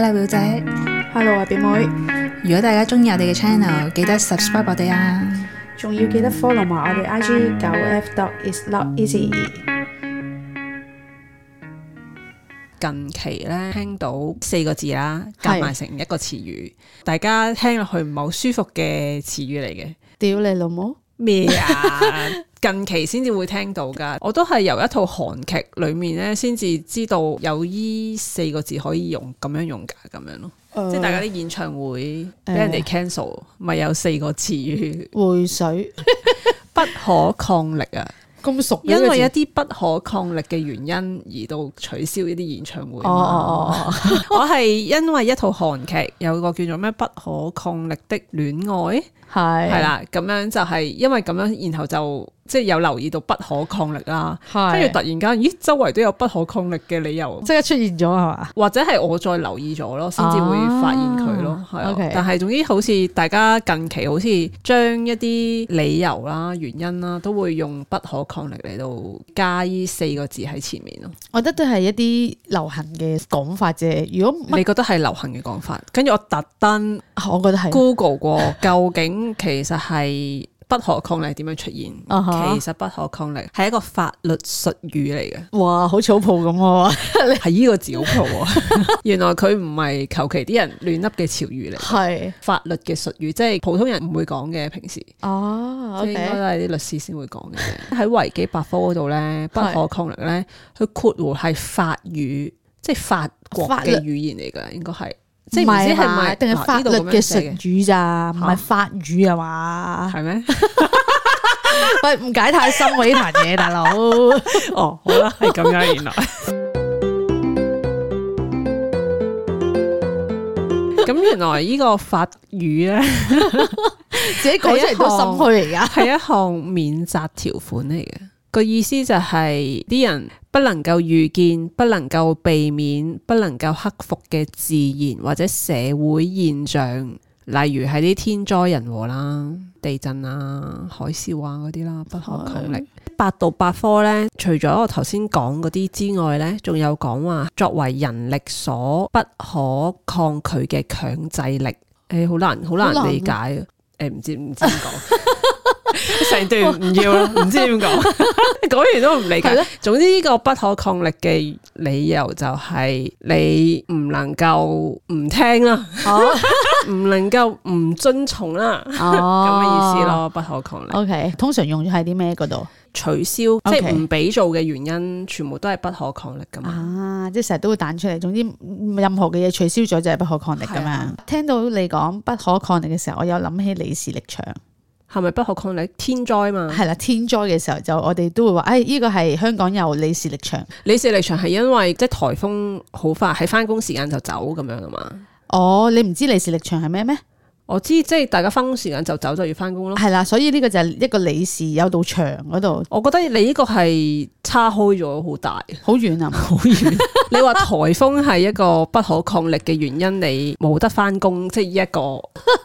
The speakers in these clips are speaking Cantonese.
hello 表姐，hello 阿表妹。如果大家中意我哋嘅 channel，記得 subscribe 我哋啊！仲要記得 follow 埋我哋 IG 九 F dot is not easy。近期咧聽到四個字啦，夾埋成一個詞語，是大家聽落去唔係好舒服嘅詞語嚟嘅，屌你老母！咩啊？近期先至會聽到㗎，我都係由一套韓劇裡面咧，先至知道有依四個字可以用，咁樣用㗎，咁樣咯。呃、即係大家啲演唱會俾人哋 cancel，咪有四個字回水 不可抗力啊！因為一啲不可抗力嘅原因而到取消一啲演唱會。哦哦哦，我係因為一套韓劇有個叫做咩不可抗力的戀愛，係係啦，咁樣就係因為咁樣，然後就。即係有留意到不可抗力啦，跟住係突然間，咦，周圍都有不可抗力嘅理由，即係出現咗係嘛？或者係我再留意咗咯，先至、哦、會發現佢咯。係、哦，okay、但係總之好似大家近期好似將一啲理由啦、原因啦，都會用不可抗力嚟到加依四個字喺前面咯。我覺得都係一啲流行嘅講法啫。如果你覺得係流行嘅講法，跟住我特登，我覺得係 Google 過究竟其實係。 不可抗力點樣出現？Uh huh. 其實不可抗力係一個法律術語嚟嘅。哇，好草譜咁、啊，係 呢個字好譜啊！ 原來佢唔係求其啲人亂笠嘅潮語嚟，係是法律嘅術語，即係普通人唔會講嘅，平時哦，應該都係啲律師先會講嘅。喺維基百科嗰度咧，不可抗力咧，佢括弧係法語，即係法國嘅語言嚟嘅，應該係。即係唔係啊？定係法律嘅術語咋？唔係、啊、法語啊嘛？係咩是嗎？喂， 唔解太深喎呢壇嘢，大佬。哦，好啦，係咁樣，原來咁， 原來呢個法語咧， 自己講出嚟都心虛嚟噶，係 一項免責條款嚟嘅。那個意思就係、是、啲人，不能夠預見、不能夠避免、不能夠克服嘅自然或者社會現象，例如係啲天災人禍啦、地震啊、海嘯啊嗰啲啦，不可抗力。百度百科呢，除咗我頭先講嗰啲之外呢，仲有講話作為人力所不可抗拒嘅強制力，誒、欸，好難好難理解誒，唔難、欸、知唔知講。 成段唔要唔 知點講，講 完都唔理解。的總之呢個不可抗力嘅理由就係你唔能夠唔聽啦，唔、哦、 能夠唔遵從啦。咁嘅、哦、意思咯，不可抗力。O、okay. K，通常用咗喺啲咩嗰度？取消，Okay. 即係唔俾做嘅原因，全部都係不可抗力咁。啊，即係成日都會彈出嚟。總之，任何嘅嘢取消咗就係不可抗力㗎嘛。的聽到你講不可抗力嘅時候，我有諗起李氏力場。係咪不，不可抗力天災嘛？係啦，天災嘅時候就我哋都會話，誒、哎，呢個係香港有李氏力場。李氏力場係因為即係颱風好快，喺翻工時間就走咁樣㗎嘛。嗯、哦，你唔知李氏力場係咩咩？我知，即係大家翻工時間就走，咗要翻工咯。係啦，所以呢個就係一個理事有道場嗰度。我覺得你呢個係叉開咗好大，好遠啊，好遠軟！ 你話台風係一個不可抗力嘅原因，你冇得翻工，即係一個。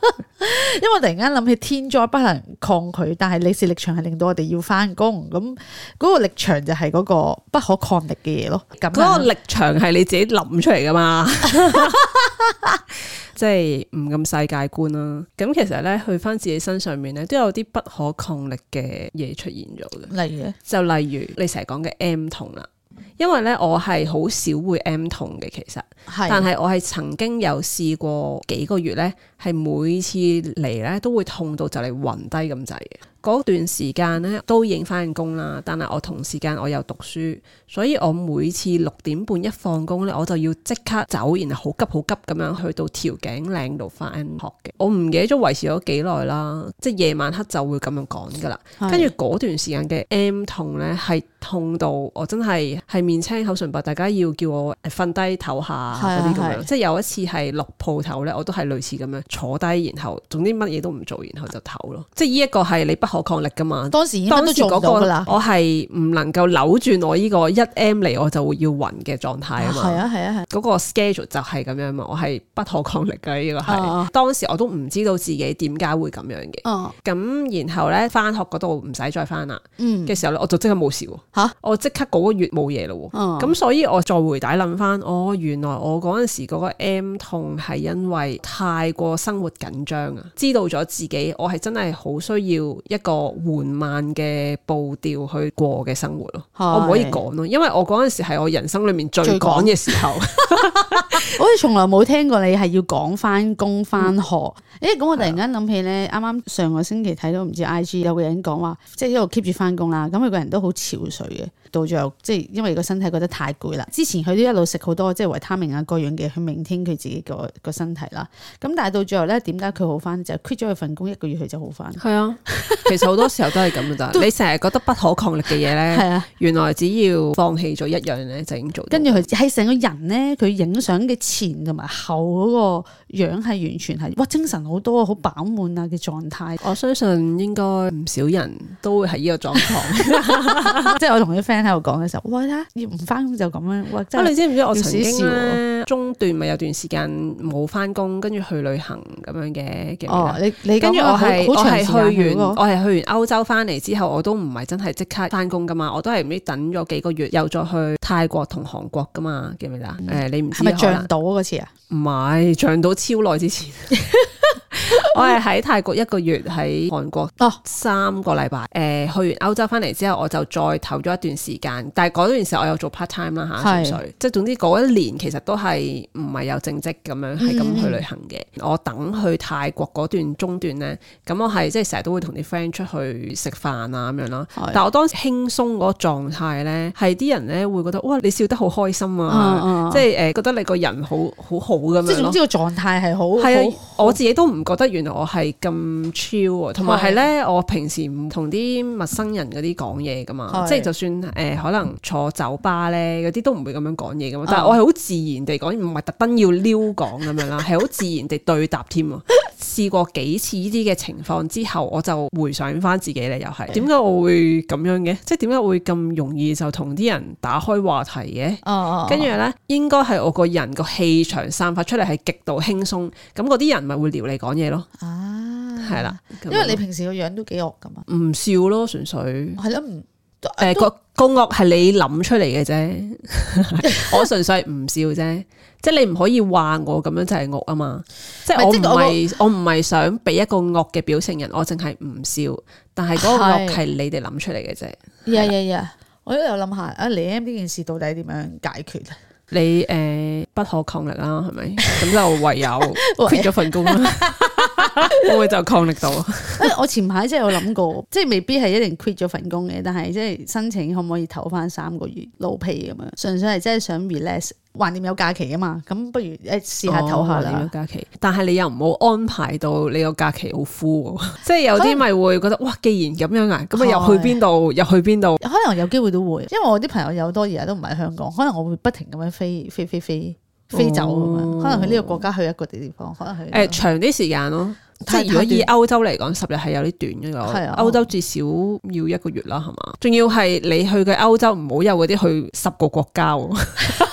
因為突然間諗起天災不能抗拒，但係理事力場係令到我哋要翻工，咁、那、嗰個力場就係嗰個不可抗力嘅嘢咯。咁嗰個力場係你自己諗出嚟噶嘛？ 即係唔咁世界觀啦，咁其實咧去翻自己身上面咧，都有啲不可抗力嘅嘢出現咗嘅。例如呢，就例如你成日講嘅 M 痛啦。因為咧，我係好少會 M 痛嘅，其實，的但係我係曾經有試過幾個月咧，係每次嚟咧都會痛到就嚟暈低咁滯嘅。嗰段時間咧都已經翻緊工啦，但係我同時間我又讀書，所以我每次六點半一放工咧，我就要即刻走，然後好急好急咁樣去到條頸領度翻學嘅。我唔記得咗維持咗幾耐啦，即係夜晚黑就會咁樣講㗎啦。跟住嗰段時間嘅 M 痛咧係痛到我真係係，面青口唇白，大家要叫我瞓低唞下啲咁是、啊、樣，是啊、即係有一次係落鋪頭咧，我都係類似咁樣坐低，然後總之乜嘢都唔做，然後就唞咯。即係呢一個係你不可抗力噶嘛。當時當嗰、嗰個我係唔能夠扭轉我呢個一 M 嚟，我就會要暈嘅狀態啊嘛。嗰、啊啊啊啊、個 schedule 就係咁樣嘛，我係不可抗力噶呢、呢個係。啊、當時我都唔知道自己點解會咁樣嘅。哦。咁然後咧翻學嗰度唔使再翻啦。嘅、嗯、時候咧，我就即刻冇事喎。吓，我即刻嗰個月冇嘢咁、嗯、所以，我再回帶諗翻，哦，原來我嗰陣時嗰個 M 痛係因為太過生活緊張啊！知道咗自己，我係真係好需要一個緩慢嘅步調去過嘅生活咯。是我唔可以趕咯，因為我嗰陣時係我人生裏面最趕嘅時候。最趕 我哋從來冇聽過你係要講翻工翻學，誒、欸，咁我突然間諗起咧，啱啱、嗯、上個星期睇到唔知 I G 有個人講話，即、就、係、是、一路 keep 住翻工啦，咁佢個人都好憔悴嘅，到最後即係、就是、因為個身體覺得太攰啦。之前佢都一路食好多即係維他命啊各樣嘅去明天佢自己個個身體啦。咁但係到最後咧，點解佢好翻就 quit 咗佢份工，一個月佢就好翻。係啊、嗯，其實好多時候都係咁噶咋， 都你成日覺得不可抗力嘅嘢咧，係 啊，原來只要放棄咗一樣嘢整做。跟住佢係成個人咧，佢影相嘅。前同埋後嗰個樣係完全係哇，精神好多，好飽滿啊嘅狀態。我相信應該唔少人都會喺呢個狀況。 即係我同啲 friend 喺度講嘅時候，喂，你唔翻工就咁樣試試、啊、你知唔知我曾經、啊、中段咪有段時間冇翻工，跟住去旅行咁樣嘅、哦？你，你跟住我係、嗯、我係去完的我係去完歐洲翻嚟之後，我都唔係真係即刻翻工噶嘛，我都係唔知等咗幾個月，又再去泰國同韓國噶嘛，記唔記得？誒、嗯，你唔知到嗰次啊，唔係長到超耐之前。 我係喺泰國一個月韓，喺韓國哦三個禮拜。誒、呃，去完歐洲翻嚟之後，我就再唞咗一段時間。但係嗰段時間我有做 part time 啦吓，純粹即係總之嗰一年其實都係唔係有正職咁樣係咁去旅行嘅。嗯、我等去泰國嗰段中段咧，咁我係即係成日都會同啲 friend 出去食飯啊咁樣啦。但係我當時輕鬆嗰個狀態咧，係啲人咧會覺得哇你笑得好開心啊，嗯嗯即係誒、呃、覺得你個人好好好咁樣咯。即係總之個狀態係好係啊 ，我自己都唔覺得。原來我係咁 chill 喎，同埋係咧，我平時唔同啲陌生人嗰啲講嘢噶嘛，是即係就算誒、呃、可能坐酒吧咧嗰啲都唔會咁樣講嘢噶嘛，嗯、但係我係好自然地講，唔係特登要撩講咁樣啦，係好 自然地對答添喎。試過幾次呢啲嘅情況之後，嗯、我就回想翻自己咧，又係點解我會咁樣嘅？即係點解我會咁容易就同啲人打開話題嘅？跟住咧，呢嗯嗯、應該係我個人個氣場散發出嚟係極度輕鬆，咁嗰啲人咪會撩你講嘢。係咯，啊，係啦，因為你平時個樣都幾惡噶嘛，唔笑咯，純粹係咯，唔誒個惡係你諗出嚟嘅啫，我純粹係唔笑啫，即係你唔可以話我咁樣就係惡啊嘛，即係我唔係我唔係想俾一個惡嘅表情人，我淨係唔笑，但係嗰個惡係你哋諗出嚟嘅啫，呀呀呀，我都有諗下啊，你 M 呢件事到底點樣解決啊？你誒不可抗力啦，係咪？咁就唯有 quit 咗份工啦。我 會，會就抗力到，我前排真係有諗過，即係未必係一定 quit 咗份工嘅，但係即係申請可唔可以唞翻三個月 no pay 咁樣，純粹係真係想 relax，橫掂有假期啊嘛，咁不如誒試下唞下啦，哦、你假期。但係你又唔好安排到你個假期好 full 枯，即係有啲咪能會覺得哇，既然咁樣啊，咁啊又去邊度，又去邊度，可能有機會都會，因為我啲朋友有多而家都唔喺香港，可能我會不停咁樣飛飛飛飛。飛飛飛飛走咁樣，哦、可能去呢個國家去一個地方，可能去誒、呃、長啲時間咯。即係是如果以歐洲嚟講，十、嗯、日係有啲短嘅，係啊、嗯。歐洲至少要一個月啦，係嘛？仲、嗯、要係你去嘅歐洲唔好有嗰啲去十個國家。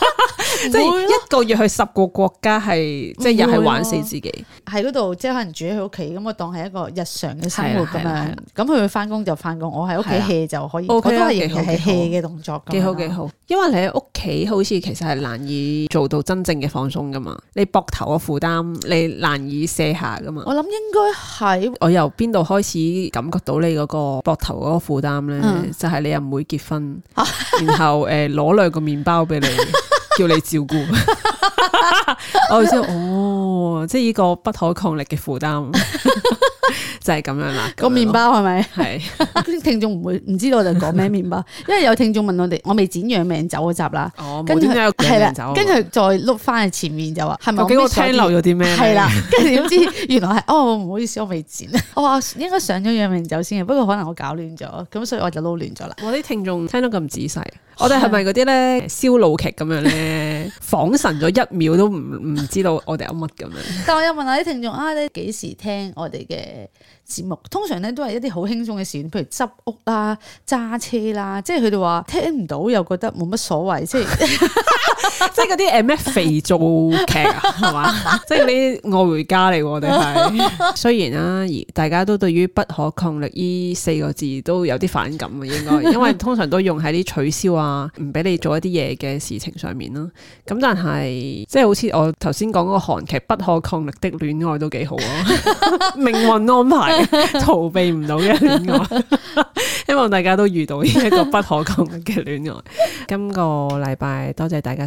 即係一個月去十個國家，係即係又係玩死自己。喺嗰度即係可能住喺佢屋企，咁我當係一個日常嘅生活咁樣。咁佢翻工，就翻工，我喺屋企 hea 就可以。我覺得係 hea 嘅動作。幾好幾好，因為你喺屋企好似其實係難以做到真正嘅放鬆噶嘛。你膊頭嘅負擔，你難以卸下噶嘛。我諗應該係我由邊度開始感覺到你嗰個膊頭嗰個負擔咧？就係你又唔妹結婚，然後誒攞兩個麵包俾你。叫你照顧。 我哦，即係哦，即係呢個不可抗力嘅負擔， 就係咁樣啦。個麵包係咪？係啲 聽眾唔會唔知道我哋講咩麵包，因為有聽眾問我哋，我未剪養命酒嗰集啦。哦，冇聽到養命酒。跟住再碌返喺前面就話，係咪我聽漏咗啲咩？係啦，跟住點知原來係哦，唔好意思，我未剪。 我應該上咗養命酒先，不過可能我搞亂咗，咁所以我就撈亂咗啦。我啲、哦、聽眾聽得咁仔細，的我哋係咪嗰啲咧燒腦劇咁樣咧，恍神咗一 秒都唔唔知道我哋有乜咁樣，但我又問下啲聽眾啊，你幾時聽我哋嘅節目？通常呢都係一啲好輕鬆嘅事，譬如執屋啦、揸車啦，即係佢哋話聽唔到，又覺得冇乜所謂，即係。即係嗰啲誒咩肥皂劇係嘛，即係啲愛回家嚟。我哋係雖然啊，而大家都對於不可抗力呢四個字都有啲反感啊，應該因為通常都用喺啲取消啊，唔俾你做一啲嘢嘅事情上面咯。咁但係即係好似我頭先講嗰個韓劇《不可抗力的戀愛》都幾好啊， 命運安排逃避唔到嘅戀愛， 希望大家都遇到呢一個不可抗力嘅戀愛。今個禮拜多謝大家。